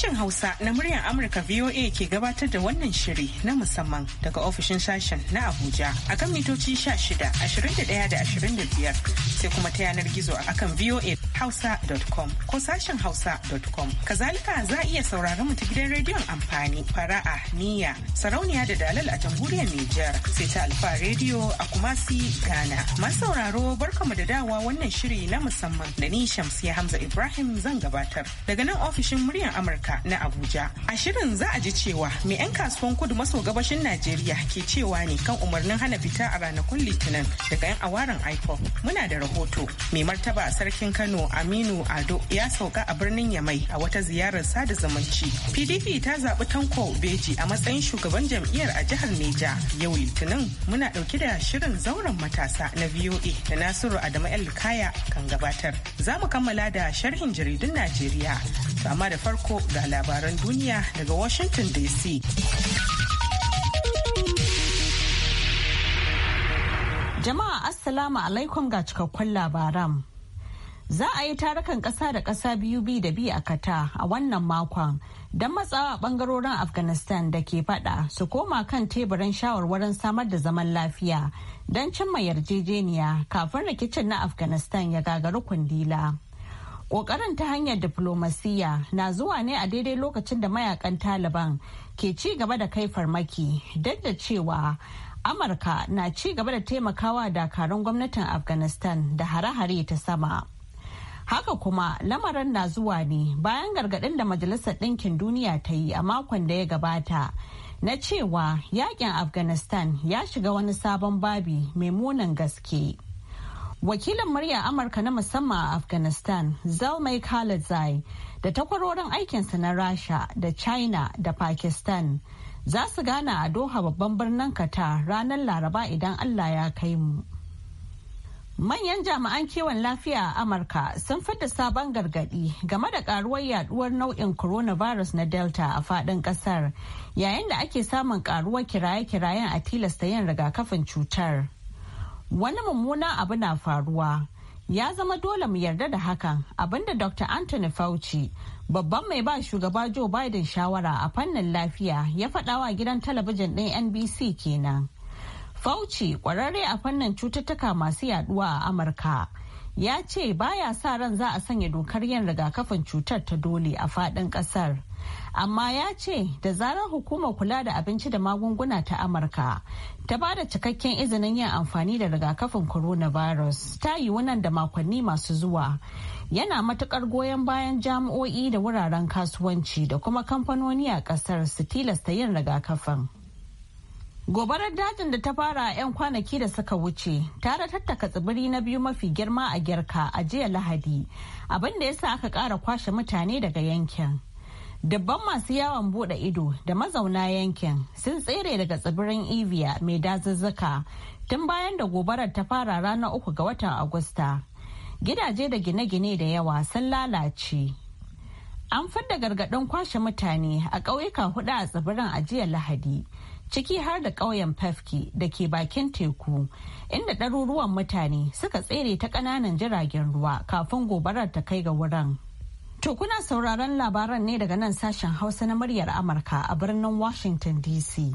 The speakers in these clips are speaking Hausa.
Sashen Hausa na muryar Amurka VOA ke gabatar da wannan shiri na musamman daga ofishin sashen na Abuja a kan mitoci 16, 21 da 25 sai kuma ta yanar gizo a akan VOA voahausa.com ko sashen hausa.com. Kazalika za a iya sauraron mu ta gidan rediyon amfani fara'a niyya sarauniya da dalal a jamhuriyar Nijar sai ta alfa rediyo a kumasi Ghana. Masu sauraro barkamu da dawa wannan shiri na musamman da ni Shamsiya Hamza Ibrahim zan gabatar daga nan ofishin muryar Amurka na Abuja. A shirin za a ji cewa mai 'yan kasuwan kudu maso gabashin Najeriya ke cewa ne kan umarnin hana fita a ranakun Litinin daga 'yan awaran IPOP. Muna da rahoto mai martaba a sarkin Kano Aminu Ado ya sauka a birnin Yamai a wata ziyarar sada zumunci. PDP ta zaɓi Tanko Beji a matsayin shugaban jam'iyyar a jihar Neja. Yau Litinin muna ɗauke da shirin zauren matasa na VOA da Nasiru Adamu El Kaya kan gabatar. Za mu kammala da sharhin jaridun Najeriya. Amma da farko ga labaran duniya daga Washington DC. Jama'a Assalamu alaikum ga cikakkun labaran. Za a yi tarukan ƙasa da ƙasa biyu bi da bi a kata a wannan makon don matsawa ɓangarorin Afghanistan da ke faɗa su koma kan teburin shawarwarin samar da zaman lafiya don cimma yarjejeniya kafin rikicin na Afghanistan ya gagari kundila. Ƙoƙarin ta hanyar diflomasiyya na zuwa ne a daidai lokacin da mayakan Taliban ke ci gaba da kai farmaki duk da cewa Amurka na ci gaba da taimakawa dakarun gwamnatin Afghanistan da hare-hare ta sama. Haka kuma lamarin na zuwa ne bayan gargadin da Majalisar Ɗinkin Duniya ta yi a makon da ya gabata na cewa yakin Afghanistan ya shiga wani sabon babi mai munin gaske. Wakilin murya Amurka na musamman a Afghanistan, Zalmai Khalidzai, da takwarorin aikinsa na Rasha da China da Pakistan za su gana a Doha babban birnin Qatar ranar Laraba idan Allah ya kai mu. Manyan jami'an kiwon lafiya a Amurka sun fidda sabon gargadi game da karuwar yaduwar nau'in coronavirus na Delta a fadin kasar yayin da ake samun karuwar kiraye-kirayen a tilasta yin rigakafin cutar. Wani mummunan abu na faruwa. Ya zama dole mu yarda da hakan abinda Dr. Anthony Fauci, babban mai ba shugaba Joe Biden shawara a fannin lafiya ya faɗawa gidan talabijin ɗin NBC kenan. Fauci kwararre a fannin cututtuka masu yaduwa a Amurka ya ce baya sa ran za a sanya dokar yin rigakafin cutar ta dole a fadin kasar. Amma ya ce da zarar hukumar kula da abinci da magunguna ta Amurka ta ba da cikakken izinin yin amfani da rigakafin coronavirus ta yiwu nan da makonni masu zuwa. Yana matukar goyon bayan jami'o'i da wuraren kasuwanci da kuma kamfanoni a kasar su tilasta yin rigakafin. Gobarar dajin da ta fara a 'yan kwanaki da suka wuce tare tattaka tsibiri na biyu mafi girma a Girka a jiya Lahadi abinda ya sa aka ƙara kwashe mutane daga yankin. Dabban masu yawon bude ido da mazauna yankin sun tsere daga tsibirin Evia mai dazuzzuka tun bayan da gobarar ta fara ranar uku ga watan Agusta. Gidaje da gine-gine da yawa sun lalace. An fadda gargaɗin kwashe mutane a ƙauyuka huɗu a tsibirin a jiya Lahadi. ciki har da ƙauyen Pefki da ke bakin teku, inda ɗaruruwan mutane suka tsere ta ƙananan jiragen ruwa kafin gobarar ta kai ga wurin. To kuna sauraron labaran ne daga nan sashen Hausa na muryar Amurka a birnin Washington DC.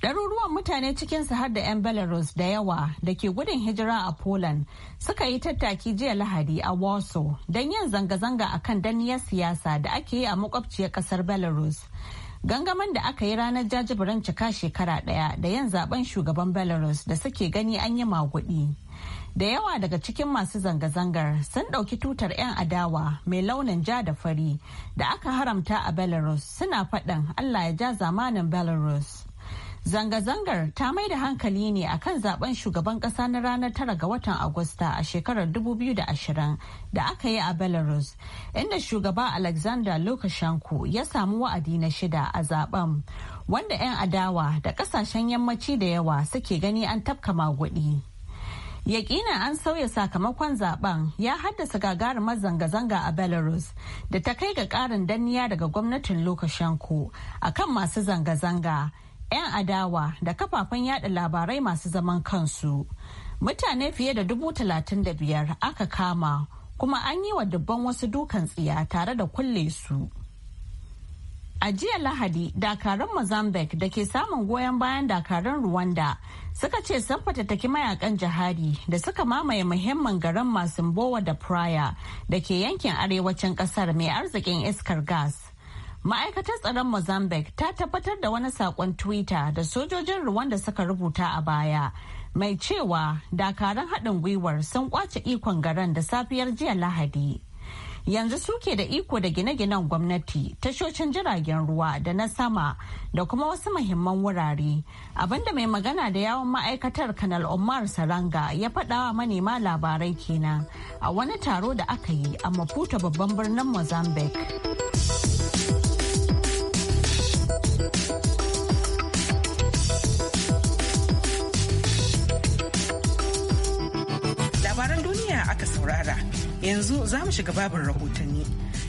Ɗaruruwan mutane cikinsu har da 'yan Belarus da yawa da ke gudun hijira a Poland suka yi tattaki jiya Lahadi a Warsaw don yin zanga-zanga a kan danniyar siyasa da ake yi a makwabciyar ƙasar Belarus gangamin da aka yi ranar jajibirin cika shekara daya da yan zaben shugaban belarus da suke gani an yi magudi da yawa daga cikin masu zanga-zangar sun ɗauki tutar 'yan adawa mai launin ja da fari da aka haramta a belarus suna faɗin allah ya ja zamanin belarus Zanga-zangar ta mai da hankali ne a kan zaben shugaban kasa na ranar tara ga watan Agusta a shekarar 2020 da aka yi a Belarus, inda shugaba Alexander Lukashenko ya samu wa'adi na shida a zaben, wanda 'yan adawa da kasashen yammaci da yawa suke gani an tafka magudi. Yakina an sauya sakamakon zaben ya haddasa gagarumar zanga-zanga a Belarus da ta kai ga karin danniya daga gwamnatin Lukashenko akan masu zanga-zanga. 'yan adawa da kafafen yada labarai masu zaman kansu mutane fiye da dubu talatin da biyar aka kama kuma an yi wa dubban wasu dukan tsiya tare da kulle su a jiya lahadi dakarun mozambique da ke samun goyon bayan dakarun rwanda suka ce sun fatattaki mayakan jihadi da suka mamaye muhimmin garin masu da praya da ke yankin arewacin kasar mai arzikin iskar gas ma'aikatar tsaron mozambique ta tabbatar da wani saƙon twitter da sojojin rwanda suka rubuta a baya mai cewa dakaran haɗin gwiwar sun kwace ikon garin da safiyar jiya lahadi yanzu suke da iko da gine-ginen gwamnati tashoshin jiragen ruwa da na sama da kuma wasu mahimman wurare abinda mai magana da yawon ma'aikatar kanal omar saranga ya faɗawa manema labarai kenan a wani taro da aka yi a maputo babban birnin mozambique saurara yanzu za mu shiga babin rahotanni.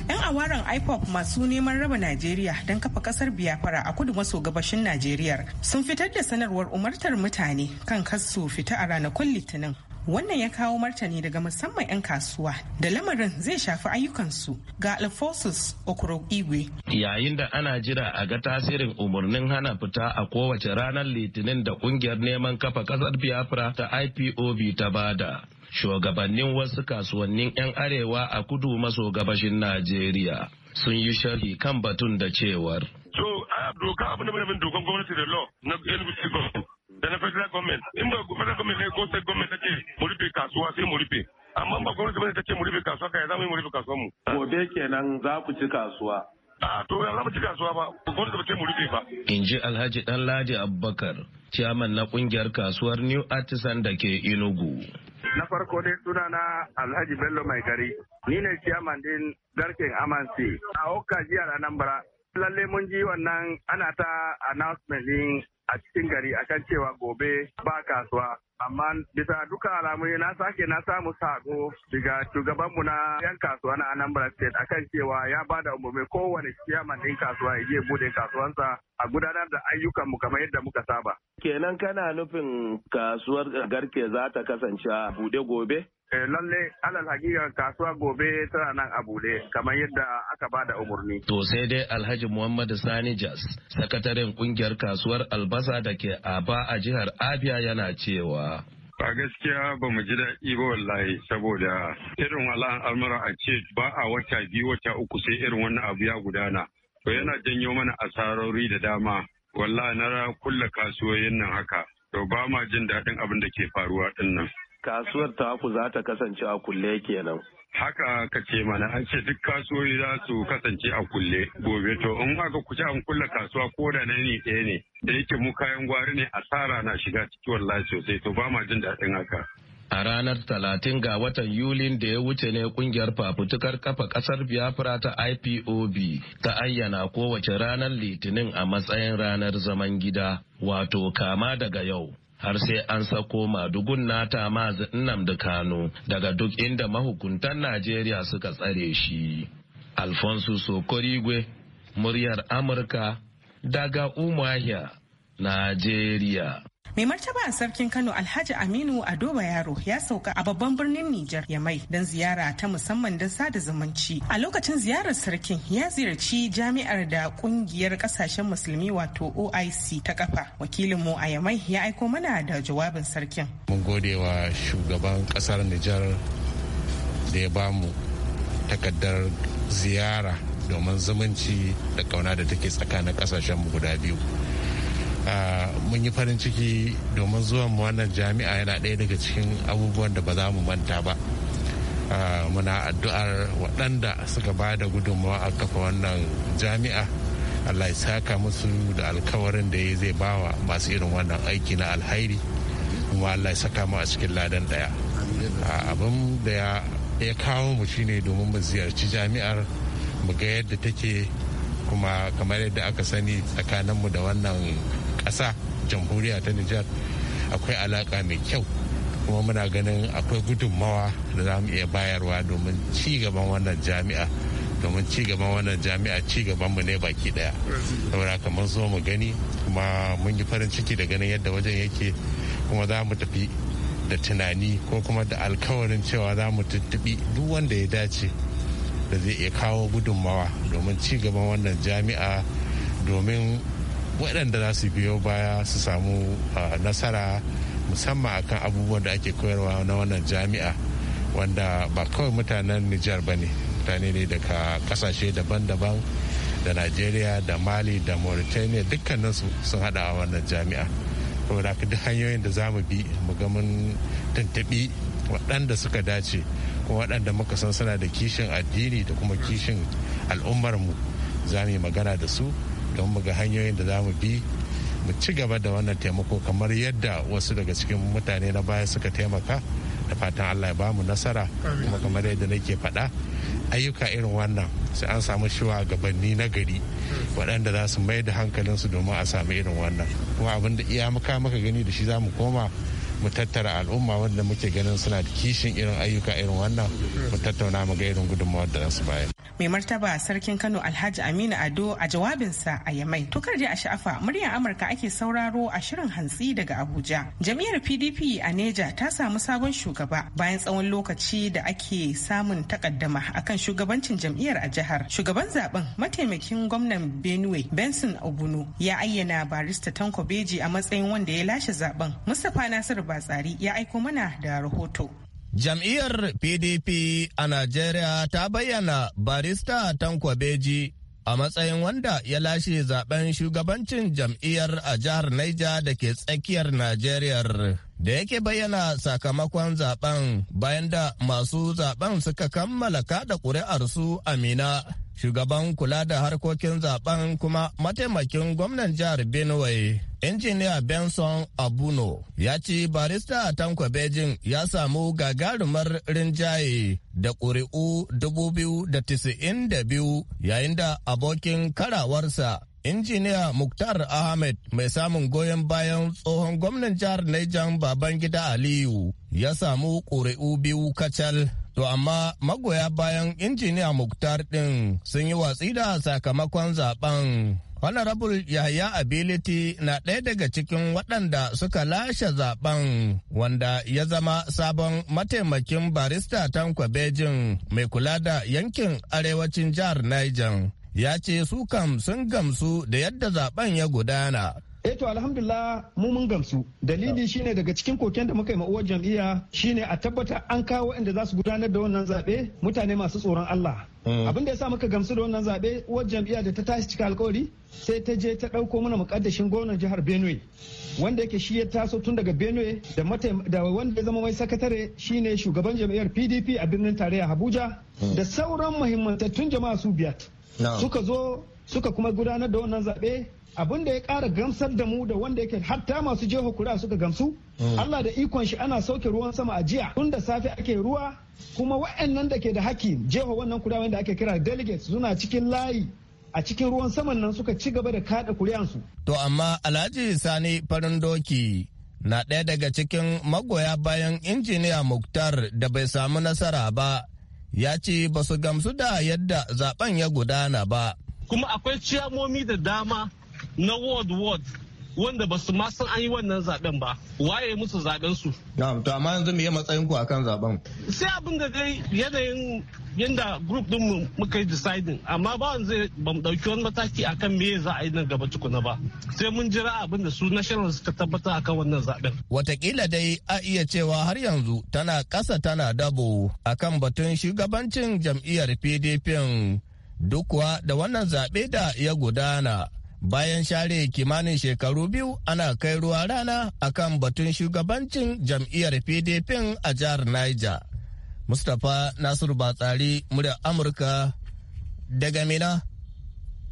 'Yan awaran IPOP masu neman raba Najeriya don kafa kasar biyafara a kudu maso gabashin Najeriya sun fitar da sanarwar umartar mutane kan kasu fita a ranakun Litinin. Wannan ya kawo martani daga musamman 'yan kasuwa da lamarin zai shafi ayyukansu ga Alphonsus Okoro Igwe. Yayin da ana jira a ga tasirin umarnin hana fita a kowace ranar Litinin da kungiyar neman kafa kasar Biafra ta IPOB ta bada. shugabannin wasu kasuwannin 'yan arewa a kudu maso gabashin Najeriya sun yi sharhi kan batun da cewar. So, doka abu da manufin dokan gwamnati da law na NBC da na federal government. In ba federal government ne ko state government take mu rufe kasuwa sai mu rufe. Amma ba gwamnati bane take mu rufe kasuwa kai za mu yi mu rufe kasuwar mu. Gobe kenan za ku ci kasuwa. A to ya za mu ci kasuwa ba gwamnati ba ce mu rufe ba. In ji Alhaji Danladi Abubakar, ciyaman na kungiyar kasuwar New Artisan da ke Enugu. Na farko dai sunana Alhaji Bello Mai Gari. Ni ne ciyaman din garken Amansi a Okka jihar Anambra. Lalle mun ji wannan ana ta announcement din a cikin gari akan cewa gobe ba kasuwa amma bisa duka alamu na sake na samu sako daga shugabanmu na yan kasuwa na anambra state akan cewa ya ba da umarni kowane chairman din kasuwa ya je bude kasuwansa a gudanar da ayyukanmu kamar yadda muka saba kenan kana nufin kasuwar garke za ta kasance a bude gobe Eh, lalle alal hakika kasuwa gobe tana nan a bude kamar yadda aka bada umurni. To sai dai Alhaji Muhammadu Sani Jas, sakataren kungiyar kasuwar albasa da ke Aba a jihar Abia yana cewa. A gaskiya ba mu ji daɗi ba wallahi saboda irin wala'an almara a ce ba a wata biyu wata uku sai irin wannan abu ya gudana. To yana janyo mana asarori da dama. Wallahi na kulle kasuwoyin nan haka. To ba ma jin daɗin abin da ke faruwa ɗin nan. kasuwar taku za ta kasance a kulle kenan. haka ka ce mana an ce duk kasuwoyi za su kasance a kulle gobe to in aka kuce an kulle kasuwa ko da na ne ɗaya ne da yake mu kayan gwari ne asara na shiga ciki wallahi sosai to ba ma jin daɗin haka. A ranar talatin ga watan Yulin da ya wuce ne kungiyar fafutukar kafa ƙasar Biafra ta IPOB ta ayyana kowace ranar Litinin a matsayin ranar zaman gida, wato kama daga yau. har sai an sako madugun nata zinnam da Kano daga duk inda mahukuntan Najeriya suka tsare shi. Alfonso Sokorigwe, muryar Amurka, daga Umahia, Najeriya. Mai martaba a sarkin Kano Alhaji Aminu Ado Bayaro ya sauka a babban birnin Nijar ya mai don ziyara ta musamman don sada zumunci. A lokacin ziyarar sarkin ya ziyarci jami'ar da kungiyar kasashen musulmi wato OIC ta kafa. Wakilinmu a Yamai ya aiko mana da jawabin sarkin. Mun gode wa shugaban kasar Nijar da ya bamu takardar ziyara domin zumunci da kauna da take tsakanin kasashen guda biyu. mun yi farin ciki domin zuwan mu wannan jami'a yana ɗaya daga cikin abubuwan da ba za mu manta ba muna addu'ar waɗanda suka ba da gudunmawa a kafa wannan jami'a allah ya saka musu da alkawarin da ya zai bawa masu irin wannan aiki na alhairi kuma allah ya saka mu a cikin ladan ɗaya abin da ya kawo mu shine domin mu ziyarci jami'ar mu ga yadda take kuma kamar yadda aka sani tsakaninmu da wannan ƙasa jamhuriya ta nijar akwai alaƙa mai kyau kuma muna ganin akwai gudunmawa da za mu iya bayarwa domin ci gaban wannan jami'a domin ci gaban wannan jami'a ci mu ne baki daya saboda kamar zo mu gani kuma mun yi farin ciki da ganin yadda wajen yake kuma za mu tafi da tunani ko kuma da alkawarin cewa za mu tuttubi duk wanda ya dace da zai iya kawo gudunmawa domin ci gaban wannan jami'a domin waɗanda za su biyo baya su samu nasara musamman akan abubuwan da ake koyarwa na wannan jami'a wanda ba kawai mutanen nijar ba ne mutane ne daga kasashe daban-daban da najeriya da mali da mauritania dukkaninsu sun hada a wannan jami'a saboda haka duk hanyoyin da za mu bi mu ga mun tuntuɓi waɗanda suka dace kuma waɗanda muka san suna da kishin addini da kuma kishin al'ummarmu za mu yi magana da su don mu ga hanyoyin da za mu bi mu ci gaba da wannan taimako kamar yadda wasu daga cikin mutane na baya suka taimaka da fatan allah ya ba mu nasara kuma kamar yadda nake faɗa ayyuka irin wannan sai an samu shuwagabanni na gari waɗanda za su mai da hankalinsu domin a sami irin wannan kuma abin da iya muka maka gani da shi za mu koma mu tattara al'umma wanda muke ganin suna da kishin irin ayyuka irin wannan mu tattauna mu ga irin gudunmawar da su bayar. mai martaba sarkin kano alhaji aminu ado a jawabinsa a yamai tukar da a sha'afa muryar amurka ake sauraro a shirin hantsi daga abuja jam'iyyar pdp a neja ta samu sabon shugaba bayan tsawon lokaci da ake samun takaddama akan shugabancin jam'iyyar a jihar shugaban zaben mataimakin gwamnan benue benson obuno ya ayyana barista tanko beji a matsayin wanda ya lashe zaben mustapha nasiru Batsari ya aiko mana da rahoto. Jam'iyyar PDP a Najeriya ta bayyana barista Tanko Beji a matsayin wanda ya lashe zaben shugabancin jam'iyyar a jihar Naija da ke tsakiyar Najeriya da yake bayyana sakamakon zaben bayan da masu zaben suka kammala kada ƙuri'arsu Amina. shugaban kula da harkokin zaben kuma mataimakin gwamnan jihar benue injiniya benson abuno ya ci barista a tanko bejin ya samu gagarumar rinjaye da ƙuri'u 2,092 yayin da abokin karawarsa injiniya muktar ahmed mai samun goyon bayan tsohon gwamnan jihar niger babangida aliyu ya samu ƙuri'u biyu kacal To amma magoya bayan injiniya mukhtar ɗin sun yi watsi da sakamakon zaben. Honorable Yahya Ability na ɗaya daga cikin waɗanda suka lashe zaben wanda ya zama sabon mataimakin barista Tankwa Bejin mai kula da yankin arewacin jihar Niger. Ya ce su kam sun gamsu da yadda zaben ya gudana. eh to alhamdulillah mu mun gamsu dalili shine daga cikin koken da muka yi ma'uwar jam'iyya shine a tabbata an kawo waɗanda za su gudanar da wannan zaɓe mutane masu tsoron Allah hmm. abin da ya sa muka gamsu da wannan zaɓe uwar jam'iyya da ta tashi cika alkawari sai ta je ta ɗauko mana muƙaddashin gwamnan jihar Benue wanda yake shi ya taso tun daga Benue da da wanda ya zama mai sakatare shine shugaban jam'iyyar PDP a birnin tarayya Abuja hmm. da sauran muhimmantattun jama'a su biyat suka zo suka kuma gudanar da wannan zaɓe abin da ya ƙara gamsar da mu da wanda yake hatta masu jeho kura suka gamsu mm. Allah da ikon shi ana sauke ruwan sama a jiya tun da safe ake ruwa kuma wa'annan da ke da haki jeho wannan kura wanda ake kira delegates suna cikin layi a cikin ruwan saman nan suka ci gaba da kada su To amma Alhaji Sani farin doki na ɗaya daga cikin magoya bayan injiniya Muktar da bai samu nasara ba ya ce ba su gamsu da yadda zaben ya gudana ba. Kuma akwai ciyamomi da dama na ward ward wanda ba su ma san an yi wannan zaben ba waye musu zaben su na'am to amma yanzu me matsayin ku akan zaben sai abin da dai yanayin yanda group din mu muka yi deciding amma ba wanda zai ba mu dauki wani mataki akan me za a yi nan gaba tukuna ba sai mun jira abin da su national suka tabbata akan wannan zaben watakila dai a iya cewa har yanzu tana kasa tana dabo akan batun shugabancin jam'iyyar PDP duk kuwa da wannan zaɓe da ya gudana bayan share kimanin shekaru biyu ana kai ruwa rana a kan batun shugabancin jam'iyyar pdp a jihar niger mustapha nasiru batsari murya amurka daga mina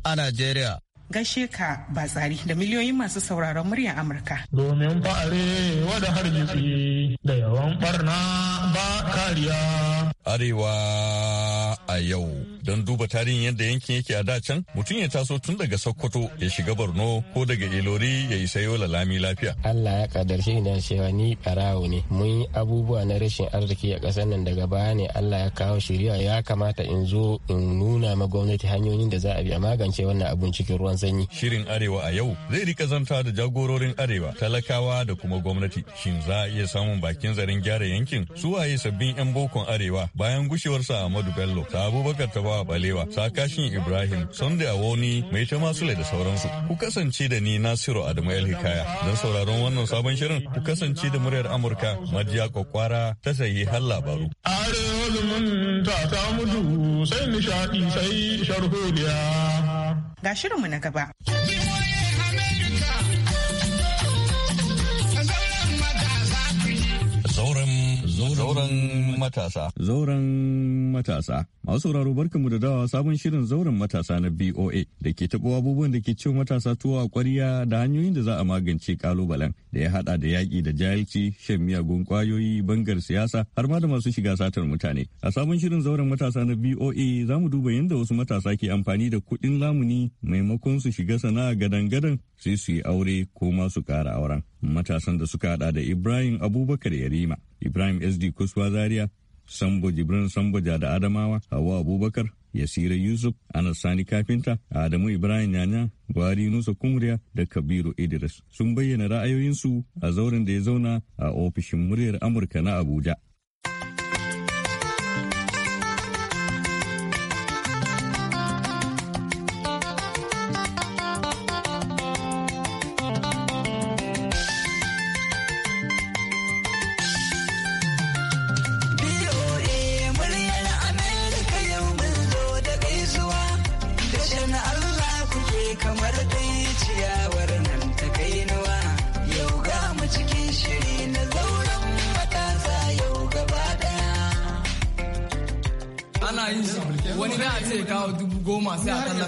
a nigeria gashe ka Batsari da miliyoyin masu sauraron murya Amurka. Domin fa'are da har da yawan barna ba kariya. Arewa a yau. don duba tarihin yadda yankin yake a da can mutum ya taso tun daga sokoto ya shiga borno ko daga ilori ya isa yola lami lafiya allah ya kadarci da cewa ni barawo ne mun yi abubuwa na rashin arziki a ƙasar nan daga baya ne allah ya kawo shiriya ya kamata in zo in nuna ma gwamnati hanyoyin da za a bi a magance wannan abun cikin ruwan sanyi shirin arewa a yau zai rika zanta da jagororin arewa talakawa da kuma gwamnati shin za a iya samun bakin zarin gyara yankin su waye sabbin yan bokon arewa bayan gushewarsa a madu bello ta abubakar ta wa balewa sakashin ibrahim sunday awoni mai ta masu da sauransu ku kasance da ni nasiru adamu el hikaya don sauraron wannan sabon shirin ku kasance da muryar amurka majiya kwakwara ta sayi har labaru ta sai nishaɗi sai ga shirinmu na gaba. Zauren matasa. Zauren matasa. Masu sauraro mu da dawa sabon shirin zauren matasa na BOA da ke tabo abubuwan da ke ciwo matasa tuwa kwariya da hanyoyin da za a magance kalubalen da ya hada da yaki da jahilci, shan miyagun kwayoyi bangar siyasa har ma da masu shiga satar mutane. A sabon shirin zauren matasa na BOA za mu duba yadda wasu matasa ke amfani da kuɗin lamuni maimakon su shiga sana'a gadan-gadan sai su yi aure ko ma su kara auren. matasan da suka hada da Ibrahim Abubakar Yarima, Ibrahim SD Kuswa Zaria, Sambo Jibrin Sambo da Adamawa, Hawa Abubakar, Yasira Yusuf, Anas Sani Kafinta, Adamu Ibrahim Yanya, Gwari Nusa Kumriya da Kabiru Idris sun bayyana ra'ayoyinsu a zauren da ya zauna a ofishin muryar Amurka na Abuja.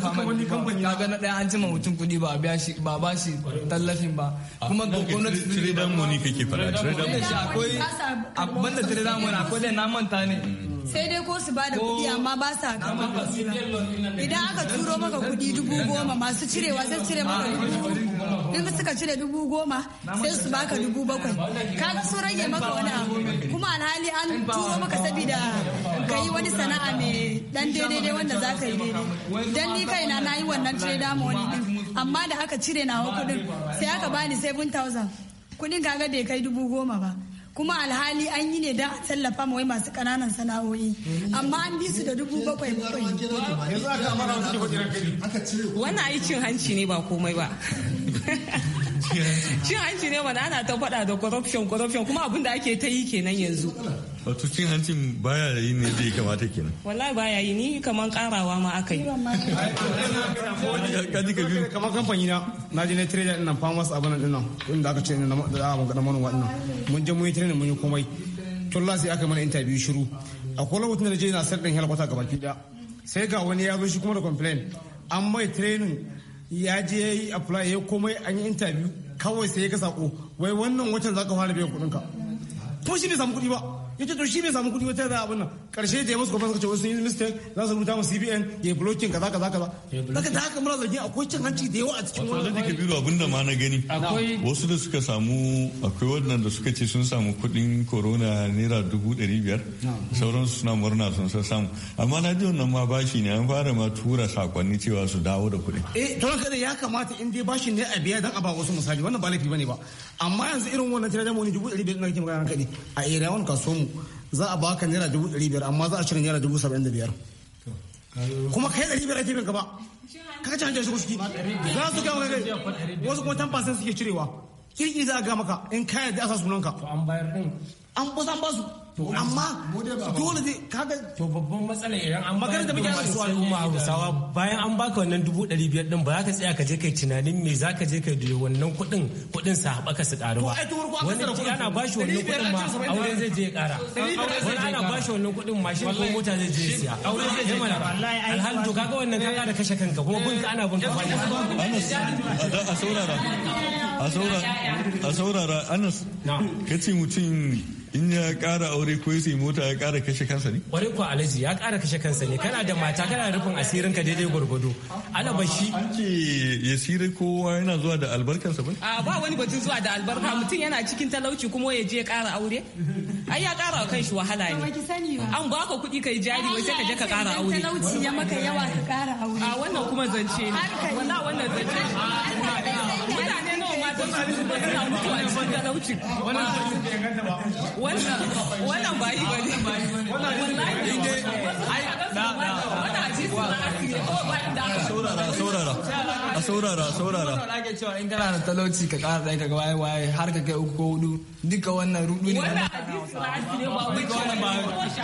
duka wani kamfani ka ga na daya an cima mutum kuɗi ba biya shi ba ba shi tallafin ba ah, kuma ga gwamnati trade money kake fara da money akwai banda trade money akwai da na manta ne mm. sai dai ko su bada kuɗi amma ba sa kama idan aka turo maka kuɗi dubu goma masu cirewa sai cire maka dubu in suka cire dubu goma sai su baka dubu bakwai kaga su rage maka wani abu kuma alhali an turo maka saboda ka yi wani sana'a mai dan daidai wanda za ka yi daidai dan ni kaina na yi wannan cire dama wani din amma da aka cire nawa kudin sai aka bani 7000 kuɗin kaga da kai dubu goma ba kuma alhali an yi ne don a tallafa ma wai masu kananan sana'o'i amma an bi su da dubu bakwai bakwai wannan ai cin hanci ne ba komai ba cin hanci ne mana ana ta faɗa da corruption corruption kuma abin da ake ta yi kenan yanzu wato cin hancin baya yi ne da ya kamata kenan wallahi baya yi ni kamar karawa ma aka yi kamar kamfani na na je na trader din nan farmers abin nan inda aka ce da aka ga manoma wa nan mun je mun yi trainer mun yi komai tun sai aka mana interview shiru akwai lokacin da na je na sar helicopter gabaki gaba ki da sai ga wani ya zo shi kuma da complain an mai training ya je ya yi apply ya komai an yi interview kawai sai ya ga sako wai wannan watan za ka fara biyan kuɗinka ko shi bai samu kuɗi ba ce to shi bai samu kuɗi wata da abin nan karshe da ya musu gwamnati ce wasu yin mistake za su rubuta mu CBN ya blocking kaza kaza kaza daga da haka muna zargin akwai cin hanci da yawa a cikin wannan da kabiru abin da ma na gani wasu da suka samu akwai da suka ce sun samu kudin corona naira dubu ɗari biyar sauransu suna murna sun samu amma na ji wannan ma bashi ne an fara ma tura sakonni cewa su dawo da kuɗi. eh to haka ya kamata in dai bashi ne a biya dan a ba wasu misali wannan ba laifi bane ba amma yanzu irin wannan tiradamo ne dubu ɗari biyar na kake magana kaɗi a irawan kasuwan mu za a baka naira dubu ɗari biyar amma za a cire naira dubu saba'in da biyar kuma kai ɗari biyar ake bin gaba ka ci hanjar shigo ciki za su gama kai wasu kuma tan fasin suke cirewa kirki za a ga maka in kayan da asa sunanka an bayar an ba su amma dole zai kaga to babban matsala idan an magana da muke su al'umma Hausawa bayan an baka wannan dubu ɗari biyar din ba za ka tsaya ka je kai tunanin me za ka je kai da wannan kuɗin kuɗin sa haɓaka su ƙaru ba wani ana ba shi wannan kuɗin ma auren zai je ƙara wani ana ba shi wannan kuɗin ma shi ko mota zai je siya auren zai je mana alhamdu kaga wannan ka ƙara kashe kanka kuma bin ka ana bin ne. a saurara a saurara anas Ka ce mutum in ya kara aure ko ya mota ya kara kashe kansa ne kwarai ko alaji ya kara kashe kansa ne kana da mata kana da rufin asirin ka daidai gwargwado ana bashi an ce ya sire kowa yana zuwa da albarkansa ba a ba wani batun zuwa da albarka mutum yana cikin talauci kuma ya je kara aure ai ya kara kan shi wahala ne an ba ka kuɗi kai jari wai sai ka je ka kara aure talauci ya maka yawa ka kara aure a wannan kuma zance ne wallahi wannan zance ne. wannan ba yi ba duka wannan rudu ne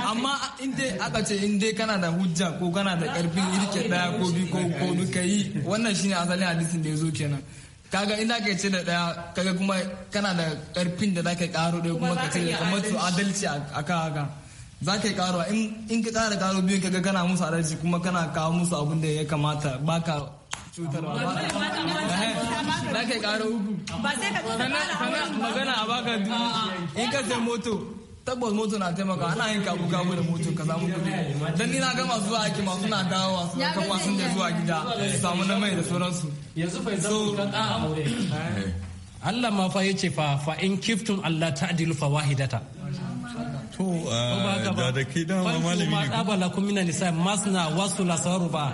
amma in dai aka ce in dai kana da hujja ko kana da karfin irke daya ko biyu ko hudu ka yi wannan shine asalin hadisin da ya zo kenan kaga ina ka ce da daya kaga kuma kana da karfin da zaka karo da kuma ka ce kamar su adalci a ka haka za ka yi karuwa in ka kara karo biyu kaga kana musu adalci kuma kana kawo musu abin da ya kamata ba ka cutarwa ba za ka yi karo uku magana a baka dubu in ka ce moto tabbas moto na taimaka ana yin kabu kabu da moto ka samu kudi dan ni na ga masu zuwa aiki masu na dawowa su kan masu da zuwa gida su samu na mai da sauransu yanzu fa yanzu ka da aure eh. Eh. Allah ma fa yace fa fa in kiftum Allah ta'dilu fa wahidata to ah, da da ke da malami ne ba la kun mina nisa masna wasu lasaru ba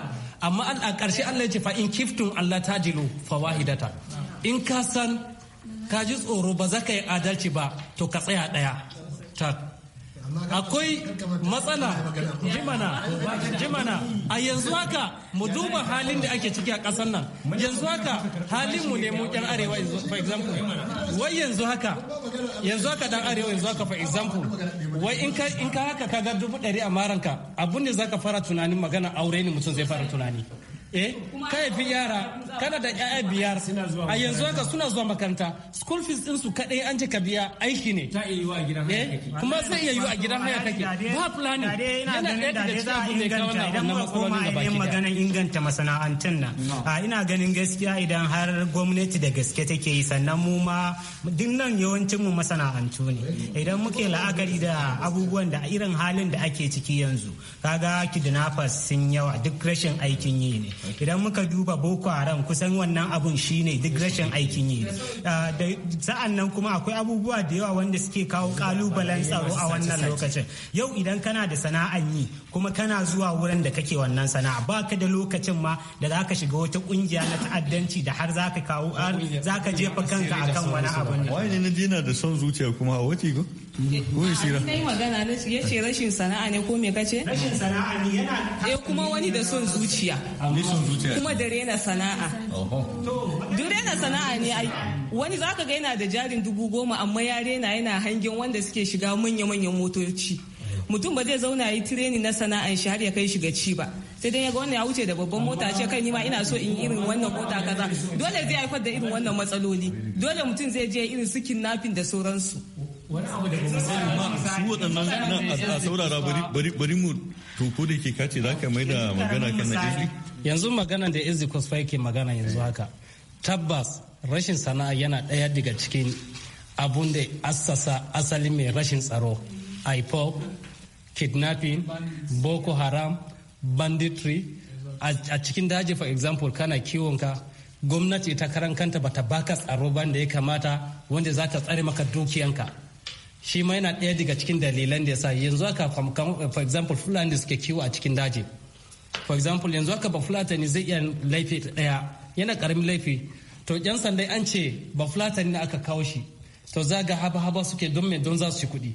amma a ƙarshe Allah yace fa in kiftum Allah ta'dilu fa wahidata in ka san ka ji tsoro ba za ka yi adalci ba to ka tsaya ɗaya akwai matsala jimana jimana a yanzu haka mu duba halin da ake ciki a ƙasar nan yanzu haka halin mu ne mu ɗan arewa for example wai yanzu haka yanzu haka dan arewa yanzu haka for example wai in ka in ka haka ka ga dubu ɗari a maranka abun ne zaka fara tunanin magana aure ne mutum zai fara tunani eh kai fi yara kana da yaya biyar a yanzu haka suna zuwa makaranta school fees din su kadai an ka biya aiki ne ta iya eh, a gidan haya kake kuma sai iya yiwu a gidan haya kake ba planning yana da da za a inganta idan ba koma idan maganar inganta masana'antun nan ah, ina ganin gaskiya idan har gwamnati da gaske take yi sannan mu ma duk nan yawancin mu masana'antu ne idan muke la'akari da abubuwan da irin halin da ake ciki yanzu kaga kidnappers sun yawa duk rashin aikin yi ne idan muka duba boko haram kusan wannan abun shine duk rashin aikin yi ah, sa'an nan kuma akwai abubuwa da yawa wanda suke kawo kalubalen tsaro a wannan lokacin yau idan kana da sana'an yi kuma kana zuwa wurin da kake wannan sana'a baka da lokacin ma da zaka shiga wata kungiya na ta'addanci da har zaka kawo zaka jefa kanka akan wani abu ne wani na da son zuciya kuma a wace Wai sira. Ni magana na ya ce rashin sana'a ne ko me kace? Rashin sana'a ne yana Eh kuma wani da son zuciya. Ni son zuciya. Kuma da rena sana'a. To, duk rena sana'a ne ai. Wani za ka ga yana da jarin dubu goma amma ya rena yana hangen wanda suke shiga manya-manyan motoci. Mutum ba zai zauna yi tireni na sana'an shi har ya kai shi ga ci ba. sai dai yaga wannan ya wuce da babban mota ce kai nima ina so in irin wannan mota kaza dole zai haifar da irin wannan matsaloli dole mutum zai je irin su kidnapping da sauransu wani abu da magana kan yanzu magana da izi kusfa yake magana yanzu haka tabbas rashin sana'a yana ɗaya daga cikin abun da assasa asali mai rashin tsaro ipop kidnapping boko haram banditry a cikin daji for example kana kiwonka gwamnati ta karan kanta bata baka tsaro ban da ya kamata wanda za ta tsare maka dukiyanka shi ma yana ɗaya daga cikin dalilan da ya sa yanzu aka for example fulani da suke kiwo a cikin daji for example yanzu haka ba fulatani zai iya laifi ɗaya yana ƙaramin laifi to yan sanda an ce ba fulatani aka kawo shi to za ga haba haba suke don me don za su yi kuɗi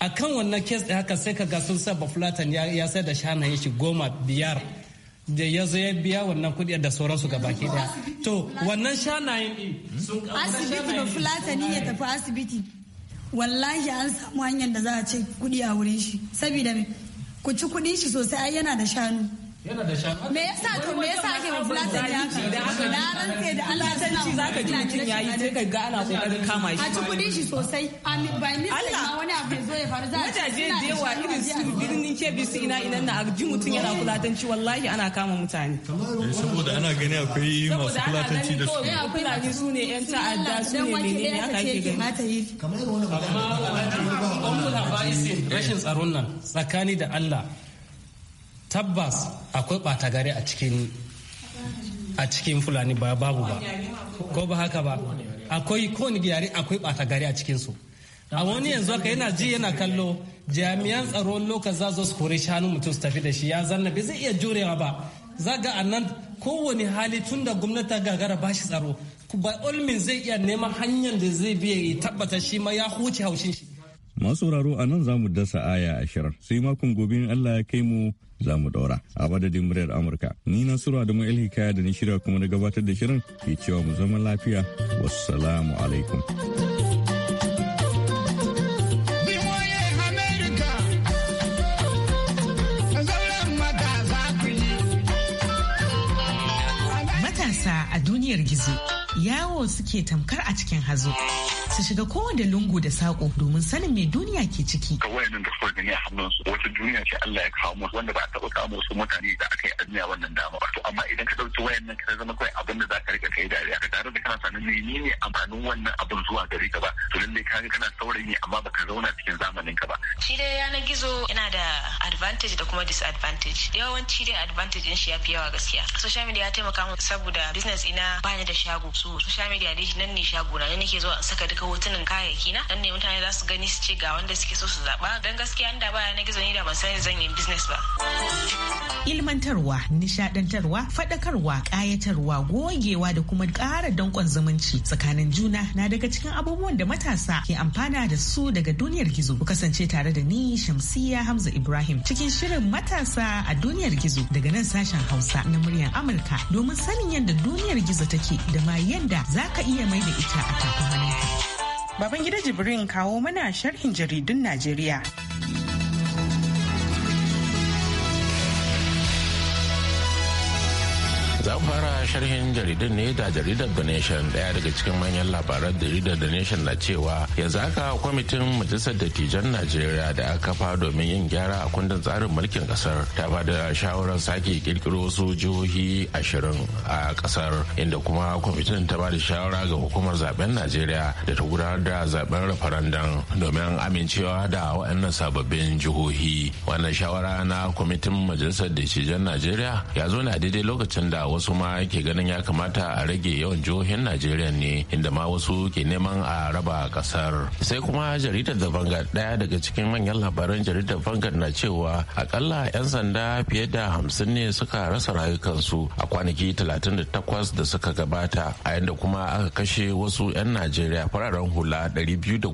a kan wannan kes ɗaya haka sai ka ga sun sa ba fulatani ya sai da shanayen shi goma biyar da ya zo ya biya wannan kuɗi da sauransu ga baki daya to wannan shanayen sun asibiti ba fulatani ya tafi asibiti wallahi an samu hanyar da za a ce kuɗi a wurin shi saboda ku ci kuɗin shi sosai ai yana da shanu me yasa to me yasa ake bulatan ya da aka rantse da Allah za ka ji mutum yayi sai ka ga ana kokarin kama shi a ci kudin shi sosai ba ni ma wani abu zo ya faru za a mutaje da yawa irin su birnin kebi su ina ina na ji mutum yana eh. fulatanci, wallahi ana kama mutane eh, saboda ana gani akwai masu fulatanci da su akwai su ne yan ta'adda su ne menene aka ake gani kamar wani ba rashin tsaron nan tsakani da Allah tabbas akwai ɓata gari a cikin fulani ba babu ba ko ba haka ba akwai kowane yare akwai ɓata gari a cikinsu a wani yanzu haka yana ji yana kallo jami'an tsaro lokacin za su su kori shanu mutum su tafi da shi ya zanna bai zai iya jurewa ba za ga annan kowane hali tun da gwamnati ta gagara ba shi tsaro by all means zai iya neman hanyar da zai biya ya tabbata shi ma ya huce haushin shi masu sauraro a nan za mu dasa aya ashirin sai makon gobe in Allah ya kai mu za mu daura a madadin muryar amurka ni na sura da mai da na shirya kuma na gabatar da shirin ke cewa mu zama lafiya wassalamu alaikum matasa a duniyar gizo yawo suke tamkar a cikin hazo su shiga kowane lungu da sako domin sanin me duniya ke ciki. Ka wayannan da suka gani a hannunsu wata duniya ce Allah ya kawo musu wanda ba a taɓa kawo musu mutane da aka yi a duniya wannan dama ba. To amma idan ka ɗauki wayannan ka zama kawai abin da za ka riƙa kai dariya ka tare da kana sanin menene amfanin wannan abin zuwa gare ka ba. To lallai ka ga kana saurayi amma baka zauna cikin zamanin ka ba. Shi dai yanar gizo yana da advantage da kuma disadvantage. Yawanci dai advantage in shi ya fi yawa gaskiya. Social media ya taimaka min saboda business ina bani da shago. So social media dai nan ne shago na ne nake zuwa saka duka saka hotunan kayayyaki na dan ne mutane za su gani su ce ga wanda suke so su zaba dan gaskiya inda baya na gizo ni da ban sani zan yi business ba ilmantarwa nishadantarwa fadakarwa kayatarwa gogewa da kuma ƙara dankon zumunci tsakanin juna na daga cikin abubuwan da matasa ke amfana da su daga duniyar gizo ku kasance tare da ni shamsiya hamza ibrahim cikin shirin matasa a duniyar gizo daga nan sashen hausa na muryar amurka domin sanin yadda duniyar gizo take da ma yadda za ka iya mai da ita a tafin Babangida Jibrin kawo mana sharhin jaridun Najeriya. fara sharhin jaridar ne da jaridar The Nation daya daga cikin manyan labaran jaridar The Nation na cewa yanzu haka kwamitin majalisar dattijan Najeriya da aka kafa domin yin gyara a kundin tsarin mulkin kasar ta ba da shawarar sake kirkiro wasu jihohi ashirin a kasar inda kuma kwamitin ta ba da shawara ga hukumar zaben Najeriya da ta gudanar da zaben referendum domin amincewa da waɗannan sababbin jihohi wannan shawara na kwamitin majalisar dattijan Najeriya ya zo na daidai lokacin da wasu kuma ke ganin ya kamata a rage yawan jihohin najeriya ne inda ma wasu ke neman a raba kasar sai kuma jaridar da vanguard daya daga cikin manyan labaran jaridar vanguard na cewa akalla 'yan sanda fiye da hamsin ne suka rasa rayukansu a kwanaki 38 da suka gabata a yadda kuma aka kashe wasu 'yan najeriya fararen hula 211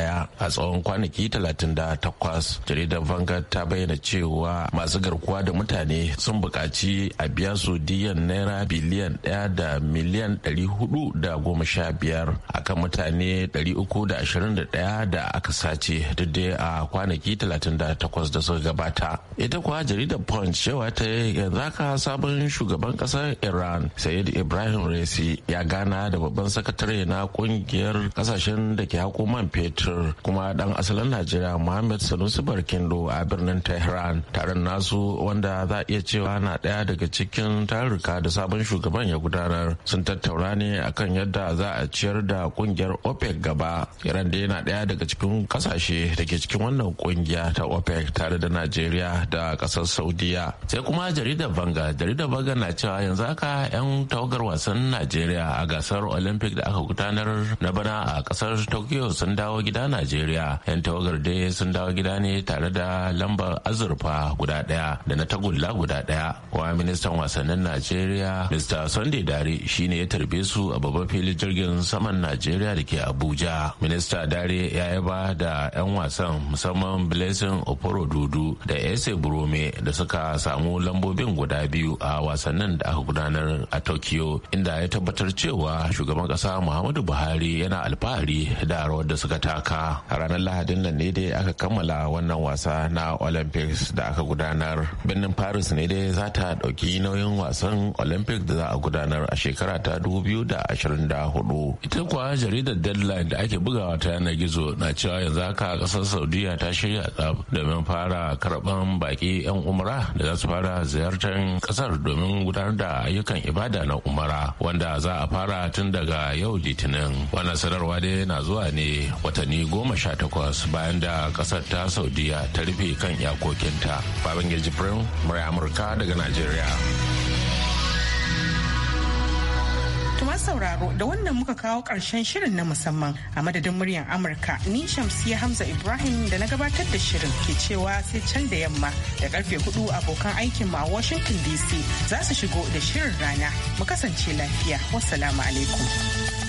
a tsawon kwanaki 38 jaridar vanguard ta bayyana cewa masu garkuwa da mutane sun buƙaci a biya su diyan naira biliyan ɗaya da miliyan ɗari hudu da goma sha biyar akan mutane ɗari uku da ashirin da ɗaya da aka sace duk da a kwanaki talatin da takwas da suka gabata ita kuwa jaridar punch cewa ta yi yanzu haka sabon shugaban ƙasar iran sayid ibrahim resi ya gana da babban sakatare na kungiyar kasashen da ke haƙo fetur kuma dan asalin najeriya muhammad sanusi barkindo a birnin tehran taron nasu wanda za a iya cewa na ɗaya daga cikin tarurruka da sabon shugaban ya gudanar sun tattauna ne akan yadda za a ciyar da kungiyar opec gaba iran da yana daya daga cikin kasashe da ke cikin wannan kungiya ta opec tare da najeriya da kasar saudiya sai kuma jaridar banga jaridar banga na cewa yanzu haka 'yan tawagar wasan najeriya a gasar olympic da aka gudanar na bana a kasar tokyo sun dawo gida najeriya 'yan tawagar dai sun dawo gida ne tare da lambar azurfa guda daya da na tagulla guda daya wa ministan wasannin najeriya najeriya mr sunday dare shine ya tarbe su a babban filin jirgin saman najeriya da ke abuja minista dare ya ba da 'yan wasan musamman blessing oporo dudu da ese burome da suka samu lambobin guda biyu a wasannin da aka gudanar a tokyo inda ya tabbatar cewa shugaban kasa muhammadu buhari yana alfahari da rawar da suka taka a ranar lahadin nan ne dai aka kammala wannan wasa na olympics da aka gudanar birnin paris ne dai za ta dauki nauyin wasan olympic da za a gudanar a shekara ta 2024 ita kuwa jaridar deadline da ake bugawa ta yanar gizo na cewa yanzu haka kasar saudiya ta shirya tsab domin fara karban baki yan umara da za su fara ziyartar kasar domin gudanar da ayyukan ibada na umara wanda za a fara tun daga yau litinin wannan sanarwa dai na zuwa ne watanni goma sha takwas bayan da kasar ta saudiya ta rufe kan iyakokinta babangeji prim murai amurka daga najeriya sauraro da wannan muka kawo ƙarshen shirin na musamman a madadin muryar Amurka ni Shamsiya Hamza Ibrahim da na gabatar da shirin ke cewa sai can da yamma da karfe hudu abokan aikin mu a Washington DC za su shigo da shirin rana mu kasance lafiya wassalamu alaikum.